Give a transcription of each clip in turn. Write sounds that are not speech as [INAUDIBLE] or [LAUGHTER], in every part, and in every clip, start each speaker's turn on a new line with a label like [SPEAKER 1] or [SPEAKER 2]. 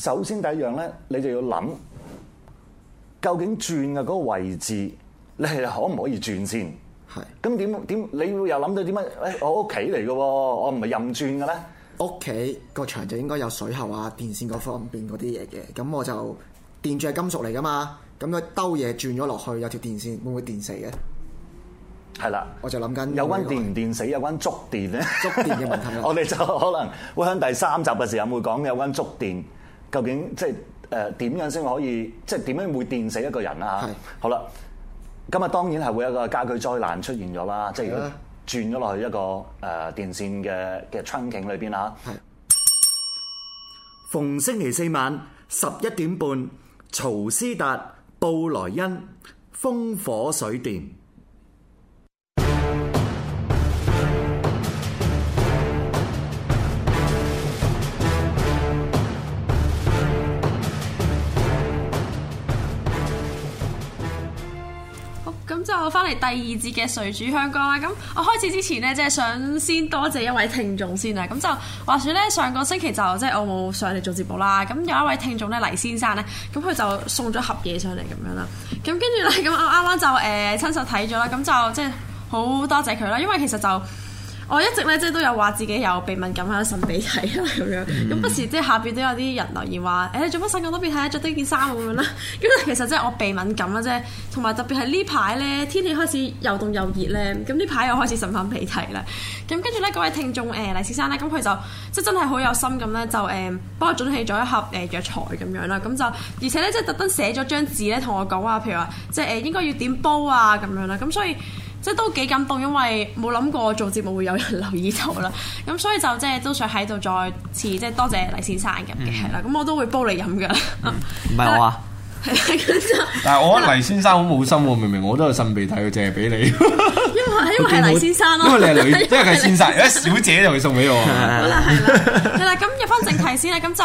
[SPEAKER 1] 首先第一樣咧，你就要諗，究竟轉嘅嗰個位置，你係可唔可以轉先？係是的。咁點點？你會又諗到點解誒，我屋企嚟嘅喎，我唔係任轉嘅咧。屋企個牆就應該有水喉啊、電線
[SPEAKER 2] 嗰方面嗰啲嘢嘅。咁我就電柱係金屬嚟㗎嘛，咁佢兜嘢轉咗落去，
[SPEAKER 1] 有條電線，會唔會電死嘅？係啦的，我就諗緊有關電唔電死，有關觸電咧。觸電嘅問題。我哋就可能會喺第三集嘅時候會講有關觸電。究竟即係誒點樣先可以即係點樣會電死一個人啦？嚇，是的 好啦，今日當然係會有一個家居災難出現咗啦，是的 即係轉咗落去一個誒電線嘅嘅窗景裏邊啦。係，逢星期四晚十一點半，曹斯達、布萊恩，烽火水電。
[SPEAKER 3] 咁就翻嚟第二節嘅誰主香江啦。咁我開始之前呢，即係想先多謝一位聽眾先啦。咁就話說呢，上個星期就即係我冇上嚟做節目啦。咁有一位聽眾呢，黎先生呢，咁佢就送咗盒嘢上嚟咁樣啦。咁跟住呢，咁我啱啱就誒親手睇咗啦。咁就即係好多謝佢啦，因為其實就～我一直咧即係都有話自己有鼻敏感啊，擤鼻涕啊咁樣，咁、mm hmm. 不時即係下邊都有啲人留言話：誒做乜擤咁多鼻涕啊？著多件衫咁樣啦。咁 [LAUGHS] 其實即係我鼻敏感啦啫，同埋特別係呢排咧天氣開始又凍又熱咧，咁呢排又開始擤翻鼻涕啦。咁跟住咧，嗰位聽眾誒、呃、黎先生咧，咁佢就即係真係好有心咁咧、呃呃，就誒幫我準備咗一盒誒藥材咁樣啦。咁就而且咧即係特登寫咗張紙咧，同我講話，譬如話即係誒應該要點煲啊咁樣啦。咁所以。即係都幾感動，因為冇諗過做節目會有人留意到啦。咁所以就即係都想喺度再次即係多謝黎先生咁嘅係啦。咁、嗯、我都會煲你飲噶。唔係、嗯、我
[SPEAKER 1] 啊，係啊咁就。但係是我覺得 [LAUGHS] 黎先生好冇心，明明我都係擤鼻睇佢淨係俾你 [LAUGHS]
[SPEAKER 3] 因。因為因為黎先生咯、啊，因為你係女，因為佢先
[SPEAKER 1] 生，小姐就會送俾我。係啦，
[SPEAKER 3] 係啦。係啦，咁入翻正題先啦。咁就誒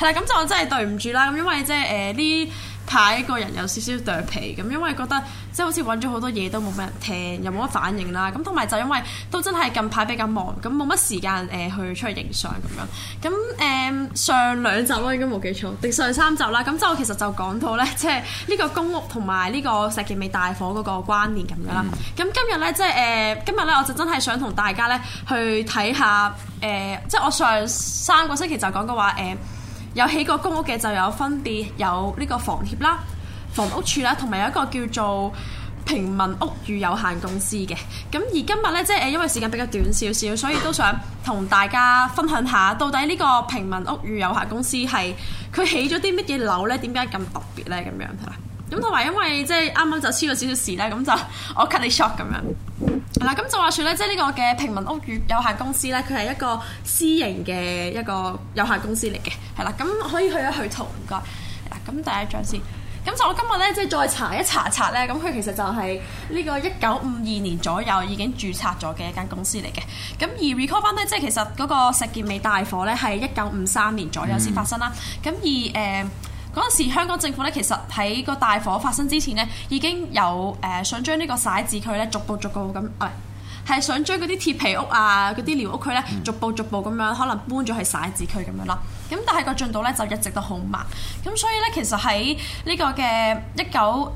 [SPEAKER 3] 係啦，咁就真係對唔住啦。咁因為即係誒呢排個人有少少頹皮咁，因為覺得即係、就是、好似揾咗好多嘢都冇咩人聽，又冇乜反應啦。咁同埋就因為都真係近排比較忙，咁冇乜時間誒、呃、去出去影相咁樣。咁誒、呃、上兩集啦，應該冇記錯，定上三集啦。咁即係我其實就講到咧，即係呢個公屋同埋呢個石硤尾大火嗰個關聯咁樣啦。咁、嗯、今日咧，即係誒今日咧，我就真係想同大家咧去睇下誒，即、呃、係、就是、我上三個星期就講過話誒。呃有起過公屋嘅就有分別，有呢個房協啦、房屋處啦，同埋有一個叫做平民屋宇有限公司嘅。咁而今日呢，即係因為時間比較短少少，所以都想同大家分享下，到底呢個平民屋宇有限公司係佢起咗啲乜嘢樓呢？點解咁特別呢？咁樣咁同埋，因為即係啱啱就黐咗少少事咧，咁就我 cut 你 shot 咁樣。嗱、嗯，咁、嗯、就話説咧，即係呢個嘅平民屋苑有限公司咧，佢係一個私營嘅一個有限公司嚟嘅。係啦，咁可以去一去圖，唔該。嗱、嗯，咁第一張先。咁就我今日咧，即係再查一查一查咧，咁佢其實就係呢個一九五二年左右已經註冊咗嘅一間公司嚟嘅。咁而 recall 翻咧，即係其實嗰個石硤尾大火咧，係一九五三年左右先發生啦。咁、嗯、而誒。呃嗰陣時，香港政府咧，其實喺個大火發生之前咧，已經有誒想將呢個徙置區咧逐步逐步咁，唔、哎、係想將嗰啲鐵皮屋啊、嗰啲寮屋區咧逐步逐步咁樣可能搬咗去徙置區咁樣啦。咁但係個進度咧就一直都好慢。咁所以咧，其實喺呢個嘅一九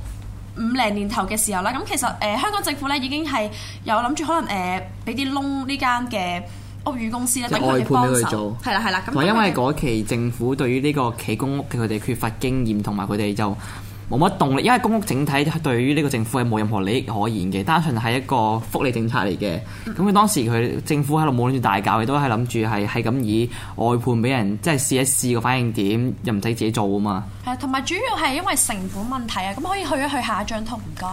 [SPEAKER 3] 五零年頭嘅時候啦，咁其實誒香港政府咧已經係有諗住可能誒俾啲窿呢間嘅。屋苑公司咧，外判幫佢做。係啦係啦，咁。因為
[SPEAKER 2] 嗰期政府對於呢個企公屋嘅佢哋缺乏經驗，同埋佢哋就冇乜動力，因為公屋整體對於呢個政府係冇任何利益可言嘅，單純係一個福利政策嚟嘅。咁佢、嗯、當時佢政府喺度冇諗住大搞，亦都係諗住係係咁以外判俾人，即係試一試個反應點，又唔使自己做啊嘛。
[SPEAKER 3] 係啊，同埋主要係因為成本問題啊，咁可以去一去下一張，唔該。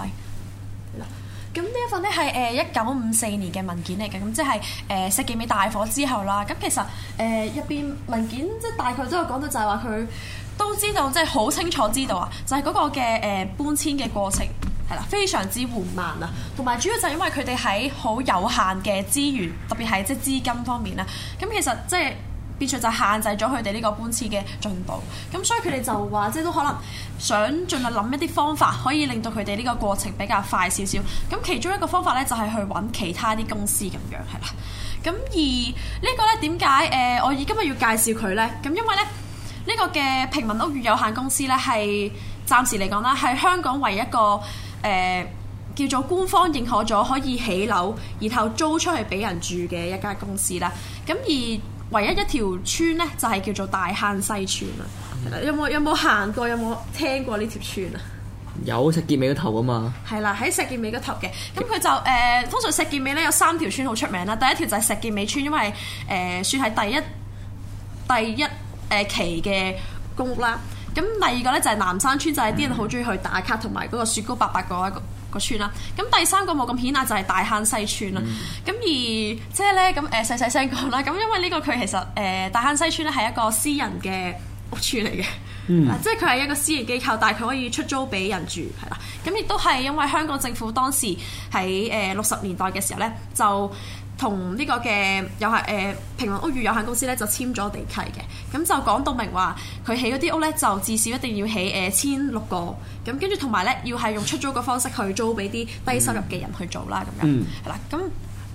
[SPEAKER 3] 咁呢一份呢係誒一九五四年嘅文件嚟嘅，咁即係誒石硤尾大火之後啦。咁其實誒入邊文件即係大概都有講到，就係話佢都知道即係好清楚知道啊，就係、是、嗰個嘅誒、呃、搬遷嘅過程係啦，非常之緩慢啊，同埋主要就係因為佢哋喺好有限嘅資源，特別係即係資金方面咧。咁其實即、就、係、是。變相就限制咗佢哋呢個班次嘅進步，咁所以佢哋就話，即、就、係、是、都可能想盡量諗一啲方法，可以令到佢哋呢個過程比較快少少。咁其中一個方法呢，就係、是、去揾其他啲公司咁樣，係啦。咁而呢個呢，點解誒，我而今日要介紹佢呢？咁因為呢，呢、這個嘅平民屋宇有限公司呢，係暫時嚟講啦，係香港唯一一個、呃、叫做官方認可咗可以起樓然後租出去俾人住嘅一間公司啦。咁而唯一一條村咧，就係叫做大坑西村啦。嗯、有冇有冇行過？有冇聽過呢條村啊？
[SPEAKER 2] 有石硖尾嗰頭啊嘛。
[SPEAKER 3] 係啦，喺石硖尾嗰頭嘅咁，佢就誒、呃、通常石硖尾咧有三條村好出名啦。第一條就係石硖尾村，因為誒、呃、算係第一第一誒期嘅公屋啦。咁第二個咧就係南山村，就係、是、啲人好中意去打卡同埋嗰個雪糕八百個一個。個村啦，咁第三個冇咁顯眼就係大坑西村啦。咁、嗯、而即係咧咁誒細細聲講啦，咁因為呢、這個佢其實誒、呃、大坑西村咧係一個私人嘅屋邨嚟嘅，即係佢係一個私人機構，但係佢可以出租俾人住係啦。咁亦都係因為香港政府當時喺誒六十年代嘅時候咧就。同呢個嘅又係誒平民屋宇有限公司咧就簽咗地契嘅，咁就講到明話佢起嗰啲屋咧就至少一定要起誒千六個，咁跟住同埋咧要係用出租嘅方式去租俾啲低收入嘅人去做啦咁樣，係啦，咁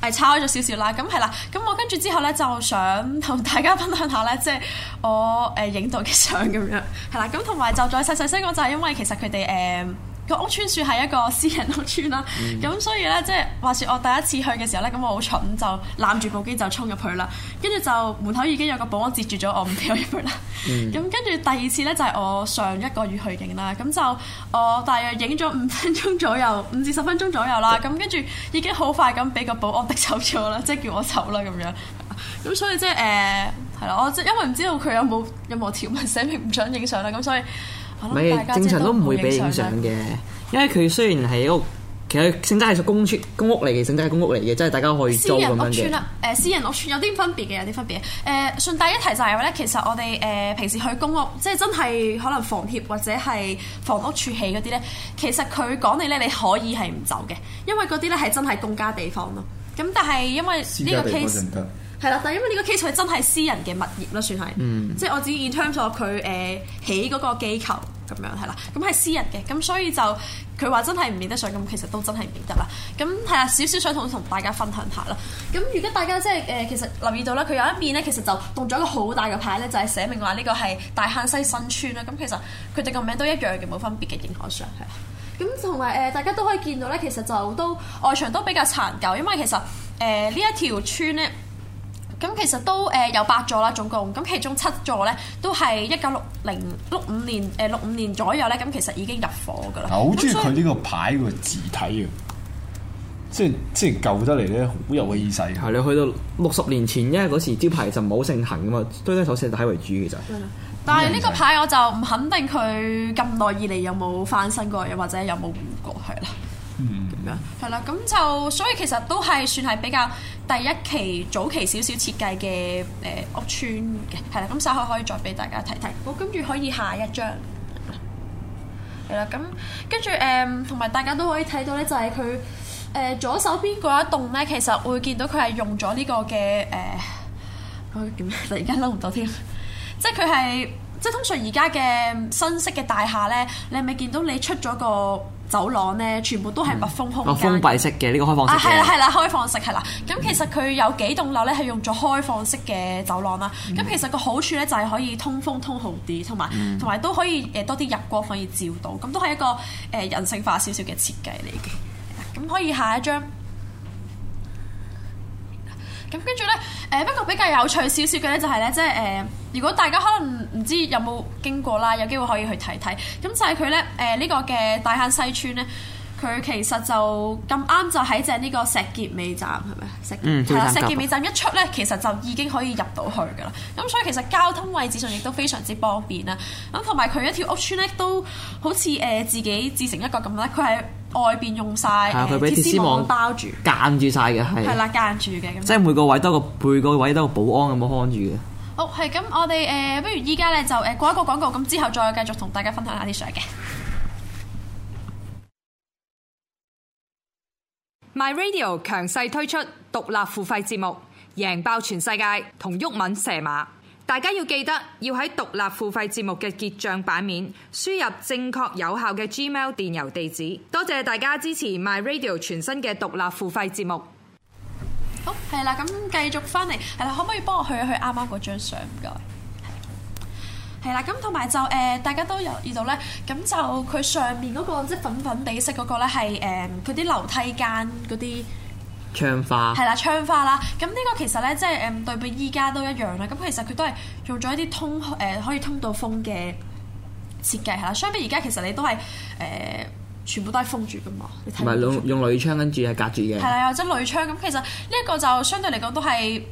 [SPEAKER 3] 係差開咗少少啦，咁係啦，咁我跟住之後咧就想同大家分享下咧，即係我誒影到嘅相咁樣，係啦，咁同埋就再細細聲講就係因為其實佢哋誒。個屋村處係一個私人屋村啦，咁、嗯、所以咧，即係話説我第一次去嘅時候咧，咁我好蠢就攬住部機就衝入去啦，跟住就門口已經有個保安截住咗我，唔俾我入啦。咁跟住第二次咧，就係我上一個月去影啦，咁就我大約影咗五分鐘左右，五至十分鐘左右啦，咁跟住已經好快咁俾個保安逼走咗啦，即係叫我走啦咁樣。咁、嗯、所以即係誒，係、呃、啦，我即因為唔知道佢有冇任何條文寫明唔想影相啦，咁所以。正常都唔會俾影相
[SPEAKER 2] 嘅，因為佢雖然係一個其實性質係屬公處公屋嚟嘅，性質係公屋嚟嘅，即係大家可以租咁樣嘅。
[SPEAKER 3] 誒私人屋邨、呃、有啲分別嘅，有啲分別。誒、呃、順帶一提就係話咧，其實我哋誒、呃、平時去公屋，即係真係可能房協或者係房屋處起嗰啲咧，其實佢講你咧，你可以係唔走嘅，因為嗰啲咧係真係公家地方咯。咁但係因為呢個 case。係啦，但係因為呢個基礎係真係私人嘅物業咯，算係，嗯、即係我只 intern 咗佢誒起嗰個機構咁樣係啦，咁係私人嘅，咁所以就佢話真係唔變得上，咁其實都真係唔變得啦。咁係啦，少少想同同大家分享下啦。咁如果大家即係誒，其實留意到咧，佢有一面咧，其實就動咗一個好大嘅牌咧，就係、是、寫明話呢個係大坑西新邨啦。咁其實佢哋個名都一樣嘅，冇分別嘅，認可上係啦。咁同埋誒，大家都可以見到咧，其實就都外牆都比較殘舊，因為其實誒呢、呃、一條村咧。咁其實都誒有八座啦，總共。咁其中七座咧都係一九六零六五年誒六五年左右咧，咁其實已經入伙噶啦。好中意佢呢
[SPEAKER 1] 個牌個字以體嘅，即係即係舊得嚟咧，好有氣勢。係你
[SPEAKER 2] 去到六十年前，因為嗰時招牌就唔好盛行㗎嘛，都係睇字體為主嘅啫。
[SPEAKER 3] 吧但係呢個牌我就唔肯定佢咁耐以嚟有冇翻身過，又或者有冇換過係啦。嗯，咁樣係啦，咁就所以其實都係算係比較。第一期早期少少設計嘅誒屋村嘅，係啦，咁稍後可以再俾大家睇睇。好、哦，跟住可以下一張，係啦，咁跟住誒，同埋、呃、大家都可以睇到咧，就係佢誒左手邊嗰一棟咧，其實會見到佢係用咗呢個嘅誒，點、呃、 [LAUGHS] 突然間諗唔到添？即係佢係即係通常而家嘅新式嘅大廈咧，你係咪見到你出咗個？走廊咧，全部都係密封空間、啊、封
[SPEAKER 2] 閉式嘅呢、呢個開放式。啊，係啦，係
[SPEAKER 3] 啦，開放式係啦。咁、啊嗯、其實佢有幾棟樓咧，係用咗開放式嘅走廊啦。咁、嗯、其實個好處咧，就係可以通風通好啲，同埋同埋都可以誒多啲入光可以照到。咁都係一個誒人性化少少嘅設計嚟嘅。咁可以下一張。咁跟住呢，誒不過比較有趣少少嘅呢，就係呢。即係誒，如果大家可能唔知有冇經過啦，有機會可以去睇睇。咁就係佢呢，誒、呃、呢、這個嘅大坑西村呢，佢其實就咁啱就喺正呢個石硤尾站係咪？石、嗯，嗯石硤尾站一出呢，嗯、其實就已經可以入到去噶啦。咁、嗯、所以其實交通位置上亦都非常之方便啦。咁同埋佢一條屋村呢，都好似誒、呃、自己自成一個咁樣。外邊用晒，係佢俾鐵絲網包住著，
[SPEAKER 2] 間住晒嘅，係的。係啦，
[SPEAKER 3] 間住嘅，
[SPEAKER 2] 咁。即係每個位都個背，每個位都個保安咁樣看住
[SPEAKER 3] 嘅？哦，係咁，我哋誒、呃，不如依家咧就誒、呃、過一個廣告，咁之後再繼續同大家分享下啲相嘅。My Radio 強勢推出獨立付費節目，贏爆全世界同毓民射馬。大家要記得要喺獨立付
[SPEAKER 2] 費節目嘅結帳版面輸入正確有效嘅 Gmail 電郵地址。多
[SPEAKER 3] 謝大家支持 My Radio 全新嘅獨立付費節目。好，係啦，咁繼續翻嚟，係啦，可唔可以幫我去一去啱啱嗰張相？唔該，係啦，咁同埋就誒、呃，大家都留意到咧，咁就佢上面嗰個即粉粉哋色嗰個咧係誒佢啲樓梯間嗰啲。
[SPEAKER 2] 窗花係啦，
[SPEAKER 3] 窗花啦，咁呢個其實咧，即係誒、嗯、對比依家都一樣啦。咁其實佢都係用咗一啲通誒、呃、可以通到風嘅設計係啦，相比而家其實你都係誒、呃、全部都係封住噶嘛，唔係用
[SPEAKER 2] 用鋁窗跟住係隔住嘅，係啊，
[SPEAKER 3] 或者鋁窗咁。其實呢一個就相對嚟講都係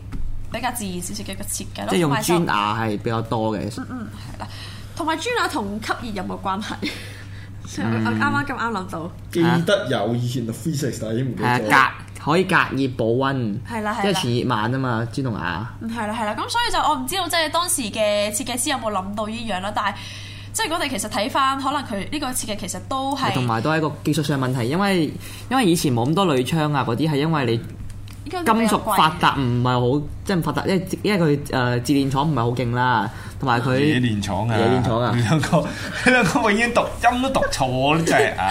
[SPEAKER 3] 比較自然少少嘅一個設計咯。即係用磚
[SPEAKER 2] 瓦係比較多嘅，嗯嗯
[SPEAKER 3] 係啦。同埋磚瓦同吸熱有冇關係？ [LAUGHS] 嗯、
[SPEAKER 2] 我啱啱
[SPEAKER 3] 咁啱諗到，啊、記
[SPEAKER 2] 得有以前就 t h 但已經唔記得咗。啊隔可以隔熱保溫，的即係傳熱慢啊嘛，朱的同牙。嗯，
[SPEAKER 3] 係啦，係啦，咁所以就我唔知道即係當時嘅設計師有冇諗到呢樣咯，但係即係我哋其實睇翻，可能佢呢個設計其實都係同
[SPEAKER 2] 埋都係一個技術上問題，因為因為以前冇咁多鋁窗啊嗰啲，係因為你。
[SPEAKER 3] 金屬發達
[SPEAKER 2] 唔係好即係發達，因為因為佢誒冶煉廠唔係好勁啦，同埋佢自己煉廠啊，冶煉廠啊兩，兩
[SPEAKER 1] 個兩個永遠讀 [LAUGHS] 音都讀錯，真係，唉、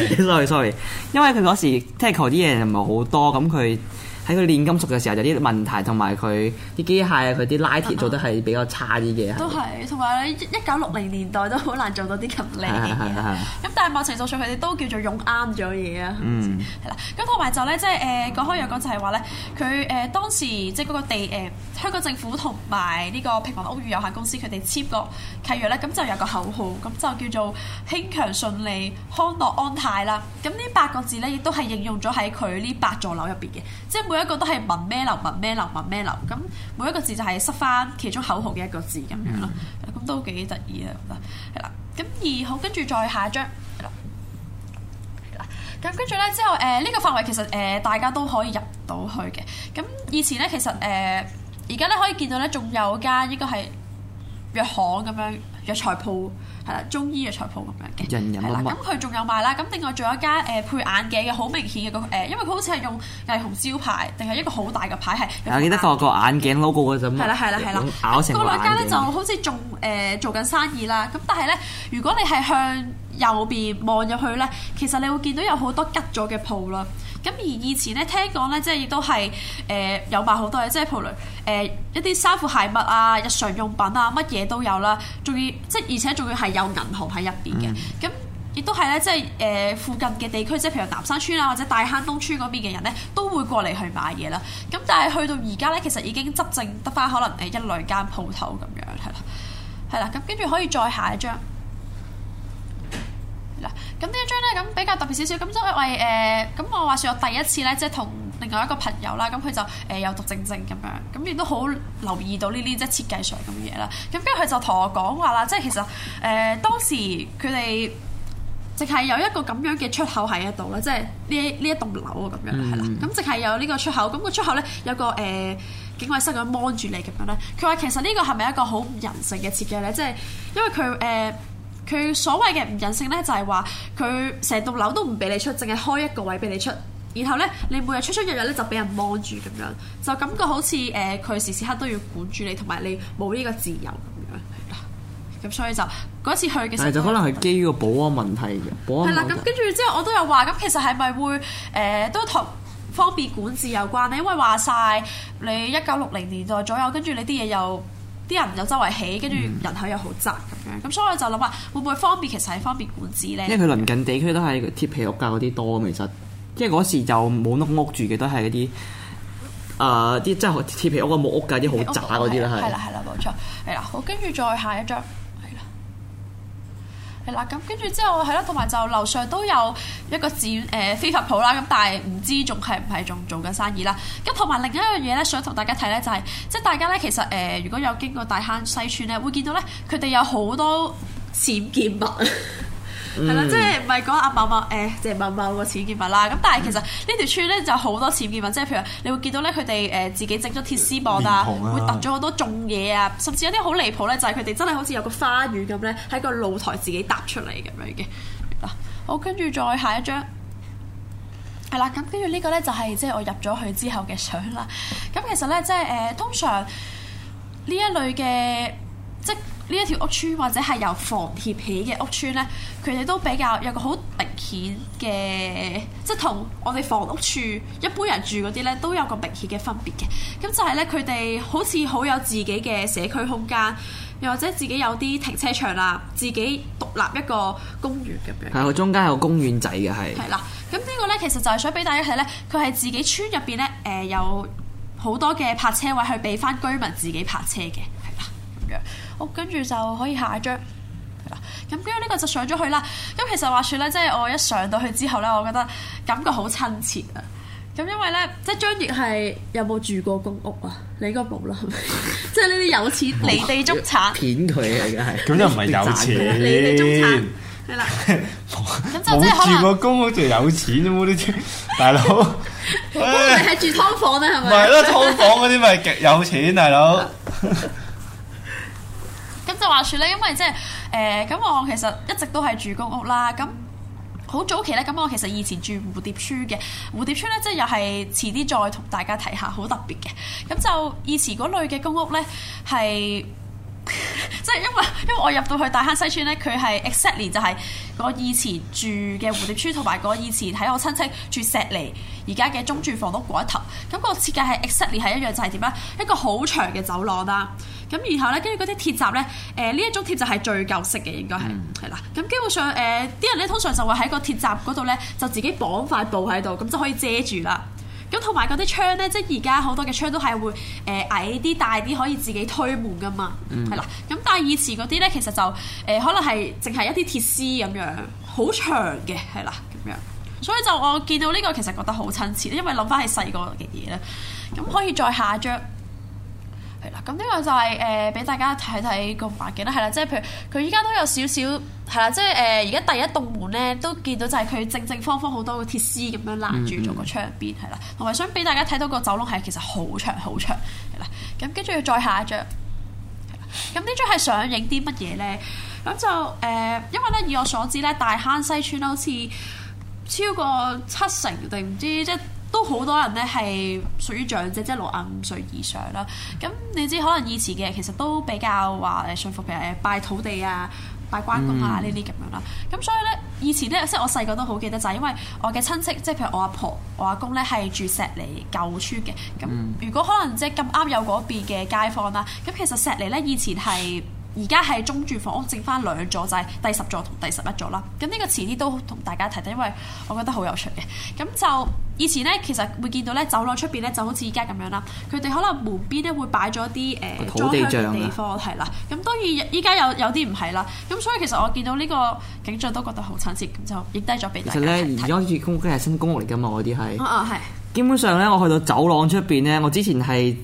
[SPEAKER 1] 哎、
[SPEAKER 2] [LAUGHS] ，sorry sorry，因為佢嗰時踢球啲嘢唔係好多，咁佢。喺佢煉金屬嘅時候有啲問題，同埋佢啲機械啊，佢啲拉鐵做得係比較差啲嘅。都
[SPEAKER 3] 係、嗯，同埋一九六零年代都好難做到啲咁靚。咁但係某程度上佢哋都叫做用啱咗嘢啊。嗯。啦，咁同埋就咧、是，即係誒講開又講就係話咧，佢誒當時即係嗰個地誒、呃、香港政府同埋呢個平民屋宇有限公司佢哋簽個契約咧，咁就有個口號，咁就叫做興強順利康樂安泰啦。咁呢八個字咧亦都係應用咗喺佢呢八座樓入邊嘅，即係。每一個都係問咩流問咩流問咩流，咁每一個字就係塞翻其中口號嘅一個字咁、mm hmm. 樣咯，咁都幾得意啊，係啦，咁二號，跟住再下一張，嗱，咁跟住咧之後，誒、呃、呢、這個範圍其實誒、呃、大家都可以入到去嘅，咁以前咧其實誒而家咧可以見到咧仲有間呢個係藥行咁樣。藥材鋪係啦，中醫藥材鋪咁
[SPEAKER 2] 樣嘅，係啦。咁佢
[SPEAKER 3] 仲有賣啦。咁另外仲有一間誒配眼鏡嘅，好明顯嘅個誒，因為佢好似係用霓虹招牌定係一個好大嘅牌係。我記
[SPEAKER 2] 得個個眼鏡 logo 嗰陣。係啦係啦係啦。咬成個眼鏡。嗰兩間咧
[SPEAKER 3] 就好似仲誒做緊生意啦。咁但係咧，如果你係向右邊望入去咧，其實你會見到有好多吉咗嘅鋪啦。咁而以前咧，聽講咧，即係亦都係誒有賣好多嘢，即係譬如誒一啲衫褲鞋襪啊、日常用品啊，乜嘢都有啦。仲要即係，而且仲要係有銀行喺入邊嘅。咁亦、嗯、都係咧，即係誒、呃、附近嘅地區，即係譬如南山村啊，或者大坑東村嗰邊嘅人咧，都會過嚟去買嘢啦。咁但係去到而家咧，其實已經執剩得返，可能誒一兩間鋪頭咁樣，係啦，係啦。咁跟住可以再下一張。咁呢一張咧，咁比較特別少少。咁因為誒，咁、呃、我話説我第一次咧，即係同另外一個朋友啦，咁佢就誒又獨靜靜咁樣，咁亦都好留意到呢啲即係設計上咁嘅嘢啦。咁跟住佢就同我講話啦，即係其實誒當時佢哋淨係有一個咁樣嘅出口喺一度、嗯、啦，即係呢呢一棟樓啊咁樣係啦。咁淨係有呢個出口，咁個出口咧有個誒、呃、警衛室咁樣望住你咁樣咧。佢話其實呢個係咪一個好唔人性嘅設計咧？即係因為佢誒。呃佢所謂嘅唔人性咧，就係話佢成棟樓都唔俾你出，淨係開一個位俾你出，然後咧你每日出出入入咧就俾人 mon 住咁樣，就感覺好似誒佢時時刻都要管住你，同埋你冇呢個自由咁樣，係、嗯、啦。咁所以就嗰次去嘅時候，就可能係
[SPEAKER 2] 基於個保安問題嘅對保安。係啦，咁跟
[SPEAKER 3] 住之後我都有話，咁其實係咪會誒、呃、都同方便管治有關咧？因為話晒，你一九六零年代左右，跟住你啲嘢又。啲人又周圍起，跟住人口又好雜咁樣，咁、嗯、所以我就諗話會唔會方便，其實係方便管治咧。因為佢鄰
[SPEAKER 2] 近地區都係鐵皮屋架嗰啲多，其實，因為嗰時就冇屋屋住嘅，都係嗰啲，誒啲即係鐵皮屋啊木屋㗎啲好渣嗰啲啦，係。係啦，係
[SPEAKER 3] 啦，冇錯。係啦，好。跟住再下一張。係啦，咁跟住之後係啦，同埋就樓上都有一個自誒、呃、非法鋪啦，咁但係唔知仲係唔係仲做緊生意啦。咁同埋另一樣嘢咧，想同大家睇咧、就是，就係即係大家咧，其實誒、呃、如果有經過大坑西村咧，會見到咧，佢哋有好多閃劍物。 [LAUGHS] 係啦，即係唔係講阿貓貓誒、欸就是，即係貓貓個僭建物啦。咁但係其實呢條村咧就好多僭建物，即係譬如你會見到咧，佢哋誒自己整咗鐵絲網啊，會揼咗好多種嘢啊，甚至有啲好離譜咧，就係佢哋真係好似有個花園咁咧，喺個露台自己搭出嚟咁樣嘅。嗱，好，跟住再下一張係啦，咁跟住呢個咧就係即係我入咗去之後嘅相啦。咁其實咧即係誒，通常呢一類嘅即。呢一條屋村或者係由房協起嘅屋村呢，佢哋都比較有個好明顯嘅，即係同我哋房屋處一般人住嗰啲呢，都有個明顯嘅分別嘅。咁就係呢，佢哋好似好有自己嘅社區空間，又或者自己有啲停車場啦，自己獨立一個公園咁樣。係，
[SPEAKER 2] 中間有公園仔嘅係。係啦，
[SPEAKER 3] 咁呢個呢，其實就係想俾大家睇呢，佢係自己村入邊呢，誒有好多嘅泊車位去俾翻居民自己泊車嘅，係啦，咁樣。跟住就可以下一張啦。咁跟住呢個就上咗去啦。咁其實話說咧，即係我一上到去之後咧，我覺得感覺好親切啊。咁因為咧，即係張翼係有冇住過公屋啊？你應該冇啦，係咪？即係呢啲有錢離地中產，
[SPEAKER 1] 騙佢嘅梗係。咁又唔係有錢？
[SPEAKER 3] 係啦，咁就即係住個
[SPEAKER 1] 公屋就有錢啊！冇呢啲，大佬，
[SPEAKER 3] 你係住劏房咧，係咪？唔係咯，劏
[SPEAKER 1] 房嗰啲咪極有錢，大佬。
[SPEAKER 3] 就話説咧，因為即係誒，咁、呃、我其實一直都係住公屋啦。咁好早期咧，咁我其實以前住蝴蝶村嘅蝴蝶村咧，即係又係遲啲再同大家睇下，好特別嘅。咁就以前嗰類嘅公屋咧，係即係因為因為我入到去大坑西村咧，佢係 exactly 就係我以前住嘅蝴蝶村，同埋我以前喺我親戚住石梨而家嘅中住房屋嗰一頭。咁、那個設計係 exactly 係一樣，就係點咧？一個好長嘅走廊啦。咁然後咧，跟住嗰啲鐵閘咧，誒、呃、呢一種鐵閘係最舊式嘅，應該係係啦。咁、嗯嗯、基本上誒，啲、呃、人咧通常就會喺個鐵閘嗰度咧，就自己綁塊布喺度，咁就可以遮住啦。咁同埋嗰啲窗咧，即係而家好多嘅窗都係會誒矮啲、大啲，可以自己推門噶嘛。係、嗯、啦。咁但係以前嗰啲咧，其實就誒、呃、可能係淨係一啲鐵絲咁樣，好長嘅係啦咁樣。所以就我見到呢個其實覺得好親切，因為諗翻係細個嘅嘢咧。咁可以再下一張。係啦，咁呢個就係誒俾大家睇睇個環境啦，係啦，即係譬如佢依家都有少少係啦，即係誒而家第一棟門咧都見到，就係佢正正方方好多個鐵絲咁樣攔住咗個窗邊係啦，同埋想俾大家睇到個走廊係其實好長好長係啦，咁跟住要再下一張，咁呢張係想影啲乜嘢咧？咁就誒、呃，因為咧以我所知咧，大坑西村好似超過七成定唔知啫。即都好多人咧係屬於長者，即係六十五歲以上啦。咁你知可能以前嘅其實都比較話誒信服，譬如誒拜土地啊、拜關公啊呢啲咁樣啦。咁所以咧以前咧，即係我細個都好記得就係因為我嘅親戚，即係譬如我阿婆、我阿公咧係住石梨舊村嘅。咁如果可能即係咁啱有嗰邊嘅街坊啦，咁其實石梨咧以前係。而家係中住房屋，我淨翻兩座，就係、是、第十座同第十一座啦。咁呢個遲啲都同大家提，因為我覺得好有趣嘅。咁就以前咧，其實會見到咧走廊出邊咧，就好似依家咁樣啦。佢哋可能門邊咧會擺咗啲誒土地像地方係啦。咁當然依家有有啲唔係啦。咁所以其實我見到呢個景象都覺得好親切，咁就影低咗俾大家
[SPEAKER 2] 睇。其實咧，而家住公屋係新公屋嚟㗎嘛，嗰啲係。啊、哦哦、基本上咧，我去到走廊出邊咧，我之前係。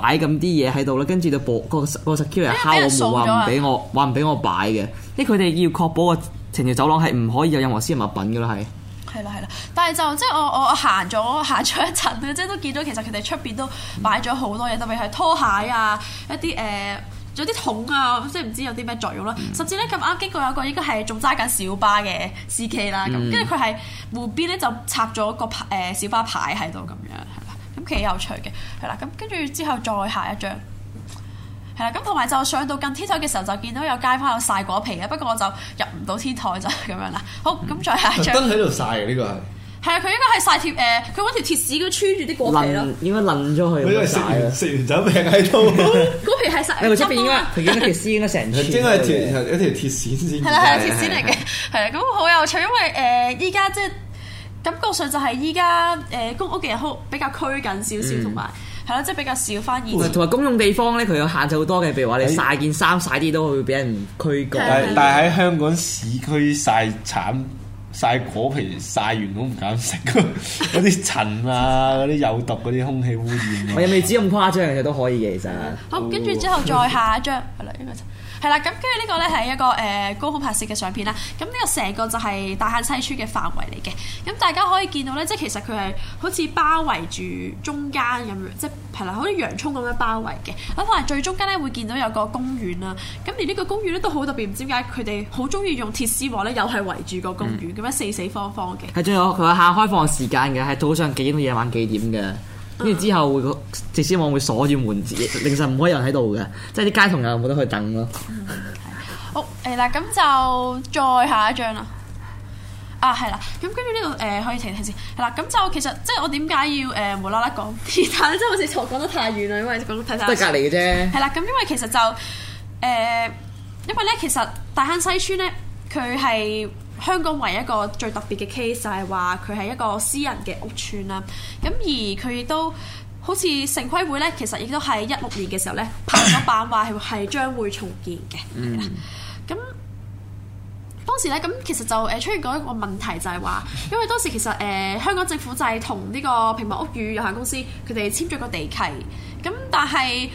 [SPEAKER 2] 擺咁啲嘢喺度啦，跟住就博個個 security 敲我冇話唔俾我，話唔俾我擺嘅。啲佢哋要確保個情住走廊係唔可以有任何私人物品噶啦，係。
[SPEAKER 3] 係啦係啦，但係就即係我我行咗行咗一陣即係都見到其實佢哋出邊都擺咗好多嘢，特別係拖鞋啊，一啲誒，呃、仲有啲桶啊，即係唔知有啲咩作用啦。嗯、甚至咧咁啱經過有一個應該係仲揸緊小巴嘅司機啦，咁跟住佢係湖邊咧就插咗個誒小巴牌喺度咁樣。幾有趣嘅係啦，咁跟住之後再下一張，係啦，咁同埋就上到近天台嘅時候就見到有街坊有曬果皮啦，不過我就入唔到天台就咁樣啦。好，咁、嗯、再下一張，跟喺度曬呢個係，係啊，佢應該係曬貼誒，佢搵條鐵線咁穿住啲果皮
[SPEAKER 2] 咯。 [LAUGHS] 應該擰咗佢，因為食完
[SPEAKER 1] 食完酒病喺度。
[SPEAKER 3] 果皮係曬出邊
[SPEAKER 1] 應該，佢見得條絲應該成。應該係條有條鐵線先。係啦，係鐵線嚟嘅。
[SPEAKER 3] 係啦，咁好有趣，因為誒依家即係。感覺上就係依家誒公屋嘅人好比較拘謹少少，同埋係咯，即係比較少翻熱。同埋
[SPEAKER 2] 公用地方咧，佢有限制好多嘅，譬如話你晒件衫晒啲都會俾人拘
[SPEAKER 1] 禁。但係喺香港市區晒橙、晒果皮、晒完都唔敢食，嗰啲塵啊、嗰啲有毒嗰啲空氣污染。我亦未至咁誇張，嘅嘢都可以嘅其實咋。
[SPEAKER 3] 好，跟住之後再下一張，係啦，係啦，咁跟住呢個咧係一個誒高空拍攝嘅相片啦。咁呢個成個就係大坑西邨嘅範圍嚟嘅。咁大家可以見到咧，即係其實佢係好似包圍住中間咁樣，即係係啦，好似洋葱咁樣包圍嘅。咁同埋最中間咧會見到有個公園啦。咁而呢個公園咧都好特別，唔知點解佢哋好中意用鐵絲網咧又係圍住個公園，咁樣、嗯、四四方方嘅。
[SPEAKER 2] 係仲有佢有下開放時間嘅，係早上幾點到夜晚幾點嘅。跟住之後會個直線網會鎖住門子，凌晨唔可以有人喺度嘅，即係啲街童又冇得去等咯。
[SPEAKER 3] Okay. 好，誒啦，咁就再下一張啦。啊，係啦，咁跟住呢度誒可以停一停先。嗱、嗯，咁就其實即係我點解要誒無啦啦講地產，即係好似講得太遠啦，因為講地產都係隔離嘅啫。係啦， [LAUGHS] 咁因為其實就誒、呃，因為咧其實大坑西村咧，佢係。香港唯一一個最特別嘅 case 就係話佢係一個私人嘅屋村啦，咁而佢亦都好似城規會咧，其實亦都係一六年嘅時候咧， [COUGHS] 拍咗板話係將會重建嘅。咁、嗯、當時咧，咁其實就誒出現過一個問題，就係話，因為當時其實誒、呃、香港政府就係同呢個平民屋宇有限公司佢哋簽咗個地契，咁但係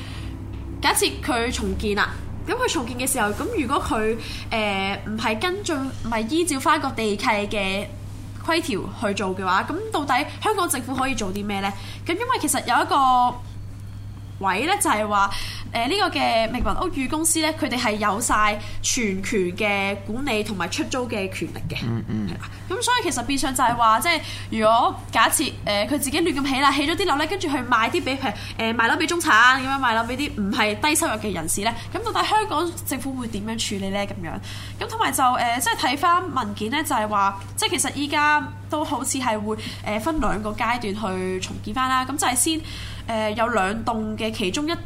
[SPEAKER 3] 假設佢重建啦。咁佢重建嘅時候，咁如果佢誒唔係跟進，唔係依照返個地契嘅規條去做嘅話，咁到底香港政府可以做啲咩呢？咁因為其實有一個。位咧就係、是、話，誒、呃、呢、這個嘅平民屋宇公司咧，佢哋係有晒全權嘅管理同埋出租嘅權力嘅、嗯。嗯嗯。咁所以其實變相就係話，即係如果假設誒佢、呃、自己亂咁起啦，起咗啲樓咧，跟住去賣啲俾譬如誒賣樓俾中產，咁樣賣樓俾啲唔係低收入嘅人士咧，咁到底香港政府會點樣處理咧？咁樣。咁同埋就誒、呃，即係睇翻文件咧，就係、是、話，即係其實依家都好似係會誒分兩個階段去重建翻啦。咁就係先。誒、呃、有兩棟嘅其中一，佢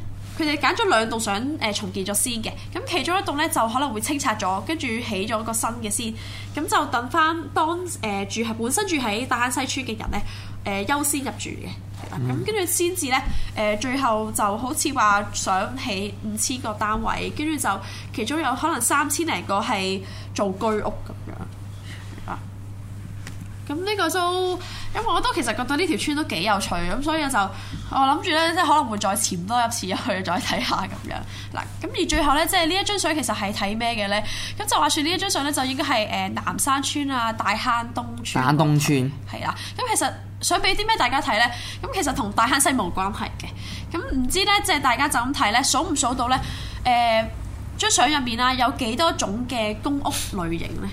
[SPEAKER 3] 哋揀咗兩棟想誒、呃、重建咗先嘅，咁其中一棟咧就可能會清拆咗，跟住起咗個新嘅先，咁就等翻當誒、呃、住係本身住喺大坑西村嘅人咧誒、呃、優先入住嘅係啦。咁跟住先至咧誒，最後就好似話想起五千個單位，跟住就其中有可能三千零個係做居屋咁樣。咁呢個都，咁我都其實覺得呢條村都幾有趣，咁所以我就我諗住咧，即係可能會再潛多一次入去再看看，再睇下咁樣。嗱，咁而最後咧，即係呢一張相其實係睇咩嘅咧？咁就話説呢一張相咧，就應該係誒、呃、南山村啊、大坑東村、啊、東村。
[SPEAKER 2] 大坑東村
[SPEAKER 3] 係啦，咁其實想俾啲咩大家睇咧？咁其實同大坑西冇關係嘅。咁唔知咧，即係大家就咁睇咧，數唔數到咧？誒、呃，張相入面啊，有幾多種嘅公屋類型咧？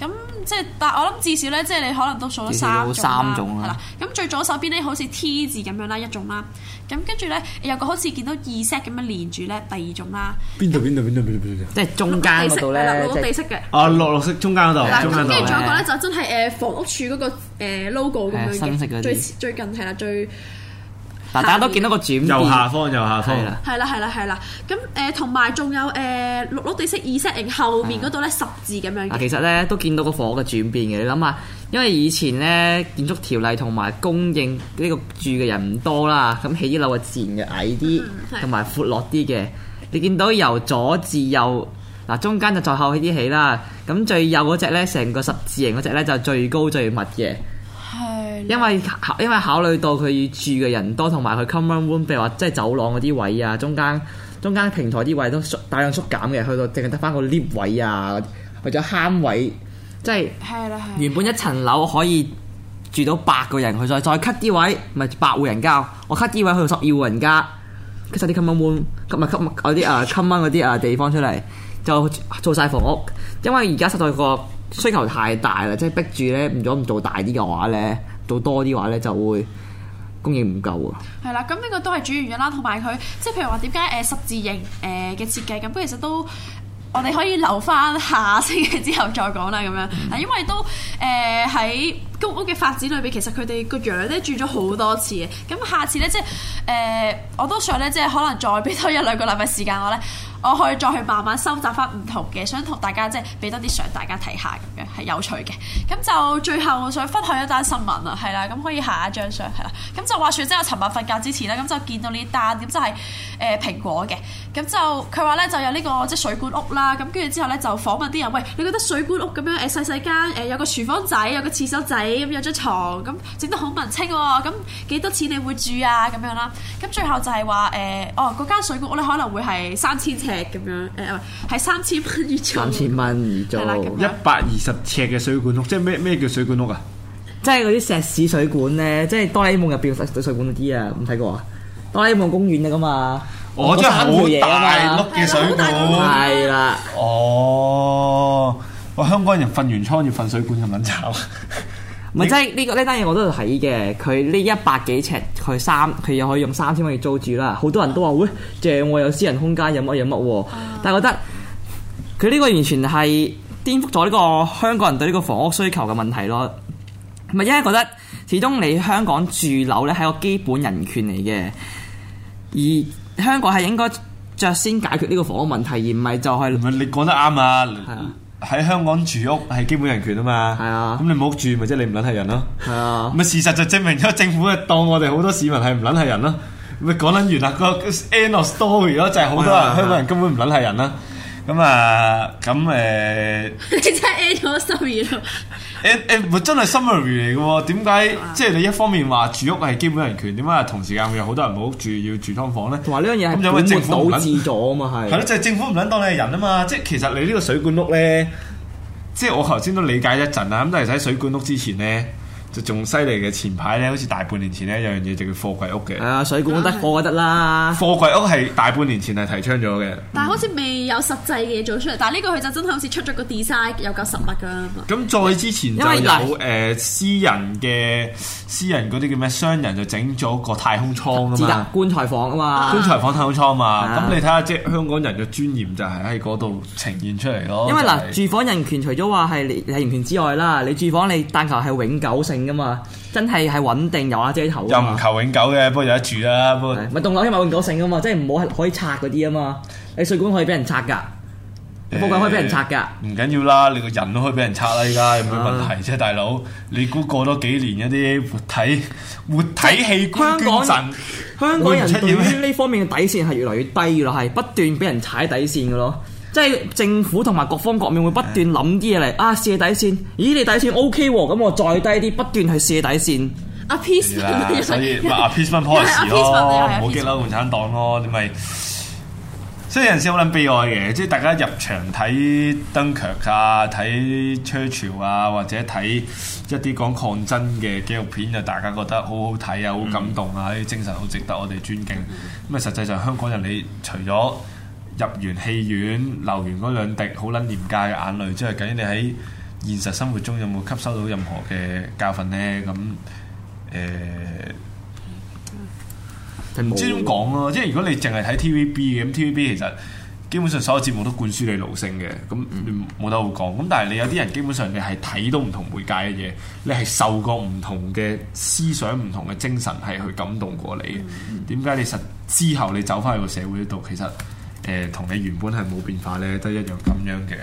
[SPEAKER 3] 咁即係，但我諗至少咧，即係你可能都數咗三種啦。係啦，咁最左手邊咧，好似 T 字咁樣啦，一種啦。咁跟住咧有個好似見到二 set 咁樣連住咧，第二種啦。
[SPEAKER 1] 邊度邊度邊度邊度邊度？即係中間嗰度咧，綠綠色嘅。哦，綠綠色中間嗰度。跟住仲有個咧
[SPEAKER 3] 就真係誒房屋署嗰個 logo 咁樣最最近係啦，最。
[SPEAKER 1] 大家都見到個
[SPEAKER 2] 轉變，右下方、右下方了，
[SPEAKER 3] 係啦、係啦、係啦。咁誒，同埋仲有誒、呃、綠綠地色意 s e t 後面嗰度咧十字咁樣啊，其
[SPEAKER 2] 實咧都見到個火嘅轉變嘅。你諗下，因為以前咧建築條例同埋供應呢個住嘅人唔多啦，咁起啲樓啊自然嘅矮啲，同埋闊落啲嘅。的你見到由左至右，嗱中間就再後起啲起啦。咁最右嗰隻咧，成個十字形嗰隻咧就最高最密嘅。因為因為考慮到佢住嘅人多，同埋佢 common room，譬如話即係走廊嗰啲位啊，中間中間平台啲位都大量縮減嘅，去到淨係得翻個 lift 位啊，為咗慳位，即係原本一層樓可以住到八個人去，佢再再 cut 啲位，咪八戶人家我 cut 啲位去到十二戶人家，cut 曬啲 common room，咁咪嗰啲啊 common 啲啊地方出嚟，就做晒房屋。因為而家實在個需求太大啦，即係逼住咧，唔左唔做大啲嘅話咧。做多啲話咧，就會供應唔夠啊！
[SPEAKER 3] 係啦，咁呢個都係主要原因啦。同埋佢即係譬如話點解誒十字形誒嘅設計咁？不過其實都我哋可以留翻下星期之後再講啦。咁樣啊，因為都誒喺、呃、公屋嘅發展裏邊，其實佢哋個樣咧轉咗好多次嘅。咁下次咧，即係誒、呃、我都想咧，即係可能再俾多一兩個禮拜時間我咧。我可以再去慢慢收集翻唔同嘅，想同大家即係俾多啲相大家睇下咁樣，係有趣嘅。咁就最後我想分享一單新聞啊，係啦，咁可以下一張相係啦。咁就話説即係我尋晚瞓覺之前咧，咁就見到呢單點即係誒蘋果嘅。咁就佢話咧就有呢個即係水管屋啦。咁跟住之後咧就訪問啲人，喂，你覺得水管屋咁樣誒細細間誒有個廚房仔有個廁所仔咁有張床，咁整得好文青喎，哦，咁幾多錢你會住啊咁樣啦。咁最後就係話誒，哦嗰間水管屋咧可能會係三千。咁樣誒，唔、呃、係，3, 三千蚊月租，三千
[SPEAKER 1] 蚊月租一百二十尺嘅水管屋，即係咩咩叫水管屋啊？
[SPEAKER 2] 即係嗰啲石屎水管咧，即係《哆啦 A 夢》入邊水水管嗰啲啊，唔睇過啊？《哆啦 A 夢》公園啊，咁啊，我真係好大碌嘅水管，係啦，
[SPEAKER 1] 哦，哇，香港人瞓完倉要瞓水管咁撚慘。
[SPEAKER 2] 唔係即係呢個呢單嘢我都睇嘅，佢呢一百幾尺佢三，佢又可以用三千蚊去租住啦。好多人都話：喂，借我有私人空間，有乜有乜喎？但係覺得佢呢個完全係顛覆咗呢個香港人對呢個房屋需求嘅問題咯。咪因為覺得始終你香港住樓咧係個基本人權嚟嘅，而香港係應該着先解決呢個房屋問題，而唔係就係、是。唔係你
[SPEAKER 1] 講得啱啊！喺香港住屋係基本人權啊嘛，咁、啊、你冇屋住咪即係你唔撚係人咯，啊、 [LAUGHS] 事實就證明咗政府係當我哋好多市民係唔撚係人咯，咪講撚完啦，那個 end of story，就係好多人、啊啊、香港人根本唔撚係人啦。咁啊，咁誒，你
[SPEAKER 3] 真係 at 咗 summary
[SPEAKER 1] 啦！at 真係 summary 嚟嘅喎，點解哇 即係你一方面話住屋係基本人權，點解同時間會有好多人冇屋住要住劏房咧？同埋呢樣嘢係政府導致咗啊嘛，係係咯，就係、是、政府唔肯當你係人啊嘛，即係其實你呢個水管屋咧，即係我頭先都理解一陣啦，咁但係喺水管屋之前咧。仲犀利嘅，前排咧，好似大半年前呢，有一樣嘢就叫貨櫃屋嘅。啊，水管得貨得啦。貨櫃屋係大半年前係提倡咗嘅。
[SPEAKER 3] 但係好似未有實際嘅嘢做出嚟。嗯、但係呢個佢就真係好似出咗個 design 有夠實物
[SPEAKER 1] 㗎咁，再之前就有誒、就是呃、私人嘅私人嗰啲叫咩？商人就整咗個太空艙啊嘛，棺材房啊嘛，啊棺材房太空艙嘛。咁、啊啊、你睇下即係香港人嘅尊嚴就係喺嗰度呈現出嚟咯。因為嗱、就是呃，
[SPEAKER 2] 住房人權除咗話係人權之外啦，你住房你但求係永久性。噶嘛，真係係穩定，又話即係求，又唔求
[SPEAKER 1] 永久嘅，不過有得住啦。不過，
[SPEAKER 2] 咪棟樓起碼永久性噶嘛，即係唔好係可以拆嗰啲啊嘛。你水管可以俾人拆噶，
[SPEAKER 1] 木棍、欸、可以俾人拆噶。唔緊要啦，你個人都可以俾人拆啦。依家有冇問題啫、啊，啊、大佬？你估過多幾年一啲活體活體器官捐贈，香港人對
[SPEAKER 2] 於呢方面嘅底線係越來越低咯，係不斷俾人踩底線嘅咯。即係政府同埋各方各面會不斷諗啲嘢嚟啊，設底線。咦，你底線 O K 喎，咁我再低啲，不斷去設底線。阿 peace，所以咪阿
[SPEAKER 1] peaceful policy 咯，唔好激嬲共產黨咯。你咪，所以有陣時好撚悲哀嘅，即係大家入場睇 Dunkirk 啊，睇 Churchill 啊，或者睇一啲講抗爭嘅紀錄片就大家覺得好好睇啊，好感動啊，啲精神好值得我哋尊敬。咁啊，實際上香港人，你除咗入完戲院流完嗰兩滴好撚廉價嘅眼淚，即係究竟你喺現實生活中有冇吸收到任何嘅教訓呢？咁，誒唔知點講咯，即係如果你淨係睇 TVB 嘅，咁 TVB 其實基本上所有節目都灌輸你奴性嘅，咁你冇得好講。咁但係你有啲人基本上你係睇到唔同媒介嘅嘢，你係受過唔同嘅思想、唔同嘅精神係去感動過你。點解你實之後你走翻去個社會度其實？誒同你原本係冇變化咧，都一樣咁樣嘅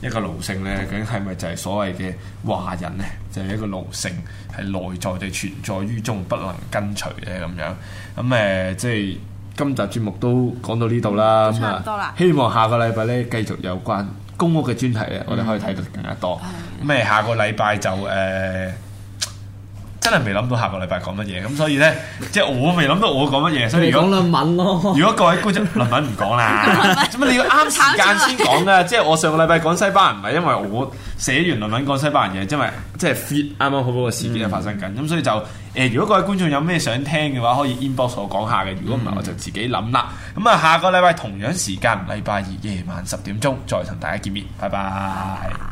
[SPEAKER 1] 一個奴性咧，究竟係咪就係所謂嘅華人咧？就係、是、一個奴性，係內在地存在於中，不能根除咧咁樣。咁、嗯、誒、呃，即係今集節目都講到呢度啦。咁啊，希望下個禮拜咧繼續有關公屋嘅專題啊，我哋可以睇到更加多。咁誒、嗯，嗯嗯、下個禮拜就誒。呃真係未諗到下個禮拜講乜嘢，咁所以呢，即係我未諗到我講乜嘢，所以講論文咯。如果各位觀眾論文唔講啦，做乜你要啱時間先講啊？即係我上個禮拜講西班牙人，唔係因為我寫完論文講西班牙人，因為即係啱啱好嗰個事件係發生緊，咁所以就誒，如果各位觀眾有咩想聽嘅話，可以 inbox 我講下嘅。如果唔係，我就自己諗啦。咁啊、嗯，下個禮拜同樣時間，禮拜二夜晚十點鐘再同大家見面，拜拜。